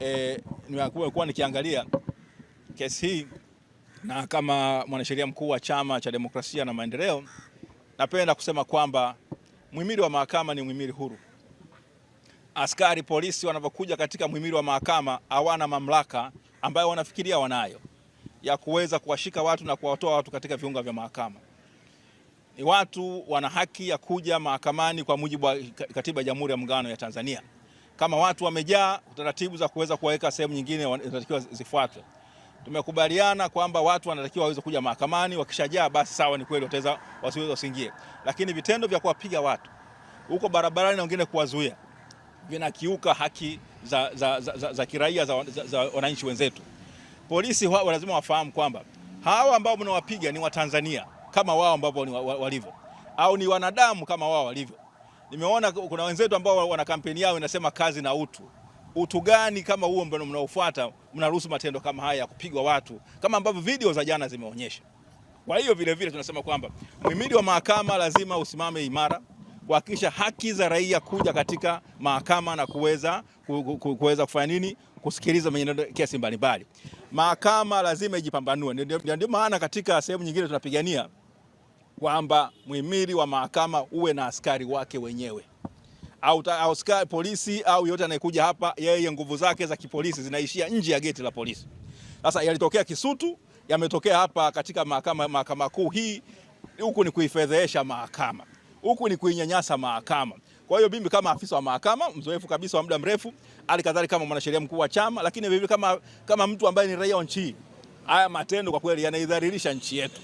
E, nimekuwa nikiangalia kesi hii na kama mwanasheria mkuu wa Chama cha Demokrasia na Maendeleo, napenda kusema kwamba muhimili wa mahakama ni muhimili huru. Askari polisi wanapokuja katika muhimili wa mahakama hawana mamlaka ambayo wanafikiria wanayo ya kuweza kuwashika watu na kuwatoa watu katika viunga vya mahakama. Ni watu wana haki ya kuja mahakamani kwa mujibu wa Katiba ya Jamhuri ya Muungano ya Tanzania. Kama watu wamejaa, taratibu za kuweza kuwaweka sehemu nyingine zinatakiwa zifuatwe. Tumekubaliana kwamba watu wanatakiwa waweze kuja mahakamani, wakishajaa basi sawa, ni kweli wataweza, wasiweze wasiingie, lakini vitendo vya kuwapiga watu huko barabarani na wengine kuwazuia vinakiuka haki za, za, za, za, za kiraia za, za, za wananchi wenzetu. Polisi wa, lazima wafahamu kwamba hawa ambao mnawapiga ni Watanzania kama wao ambao walivyo, au ni wanadamu kama wao walivyo nimeona kuna wenzetu ambao wana kampeni yao inasema kazi na utu. Utu gani kama huo ambao mnaofuata? Mnaruhusu matendo kama haya ya kupigwa watu kama ambavyo video za jana zimeonyesha. Kwa hiyo vile vile tunasema kwamba mhimili wa mahakama lazima usimame imara kuhakikisha haki za raia kuja katika mahakama na kuweza kuweza kufanya nini, kusikiliza kesi mbalimbali. Mahakama lazima ijipambanue, ndio maana katika sehemu nyingine tunapigania kwamba muhimili wa mahakama uwe na askari wake wenyewe au askari polisi au yote anayekuja hapa, yeye nguvu zake za kipolisi zinaishia nje ya geti la polisi. Sasa yalitokea Kisutu, yametokea hapa katika mahakama mahakama kuu hii. Huku ni kuifedhesha mahakama, huku ni kuinyanyasa mahakama. Kwa hiyo mimi kama afisa wa mahakama mzoefu kabisa wa muda mrefu, hali kama mwanasheria mkuu wa chama, lakini vivyo kama, kama mtu ambaye ni raia wa nchi haya matendo kwa kweli yanaidhalilisha nchi yetu.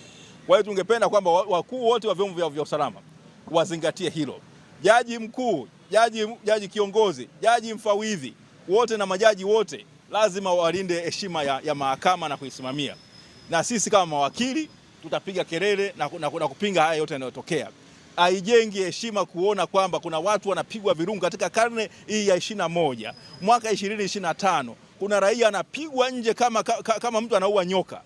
Kwa hiyo tungependa kwamba wakuu wote wa vyombo vya usalama wazingatie hilo, jaji mkuu, jaji, jaji kiongozi, jaji mfawidhi wote na majaji wote lazima walinde heshima ya, ya mahakama na kuisimamia, na sisi kama mawakili tutapiga kelele na, na, na kupinga haya yote yanayotokea. Haijengi heshima kuona kwamba kuna watu wanapigwa virungu katika karne hii ya ishirini na moja mwaka ishirini ishirini na tano kuna raia anapigwa nje kama, kama, kama mtu anaua nyoka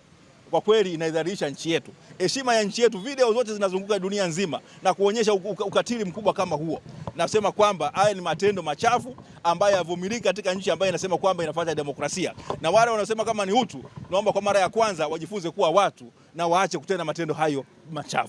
kwa kweli inaidharisha nchi yetu, heshima ya nchi yetu. Video zote zinazunguka dunia nzima na kuonyesha ukatili mkubwa kama huo. Nasema kwamba haya ni matendo machafu ambayo yavumiliki katika nchi ambayo inasema kwamba inafuata demokrasia, na wale wanaosema kama ni utu, naomba kwa mara ya kwanza wajifunze kuwa watu na waache kutenda matendo hayo machafu.